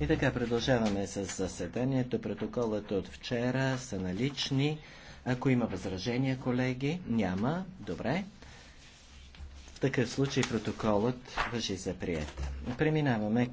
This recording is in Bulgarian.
И така продължаваме с заседанието. Протоколът от вчера са налични. Ако има възражения, колеги, няма. Добре. В такъв случай протоколът въжи за прият. Преминаваме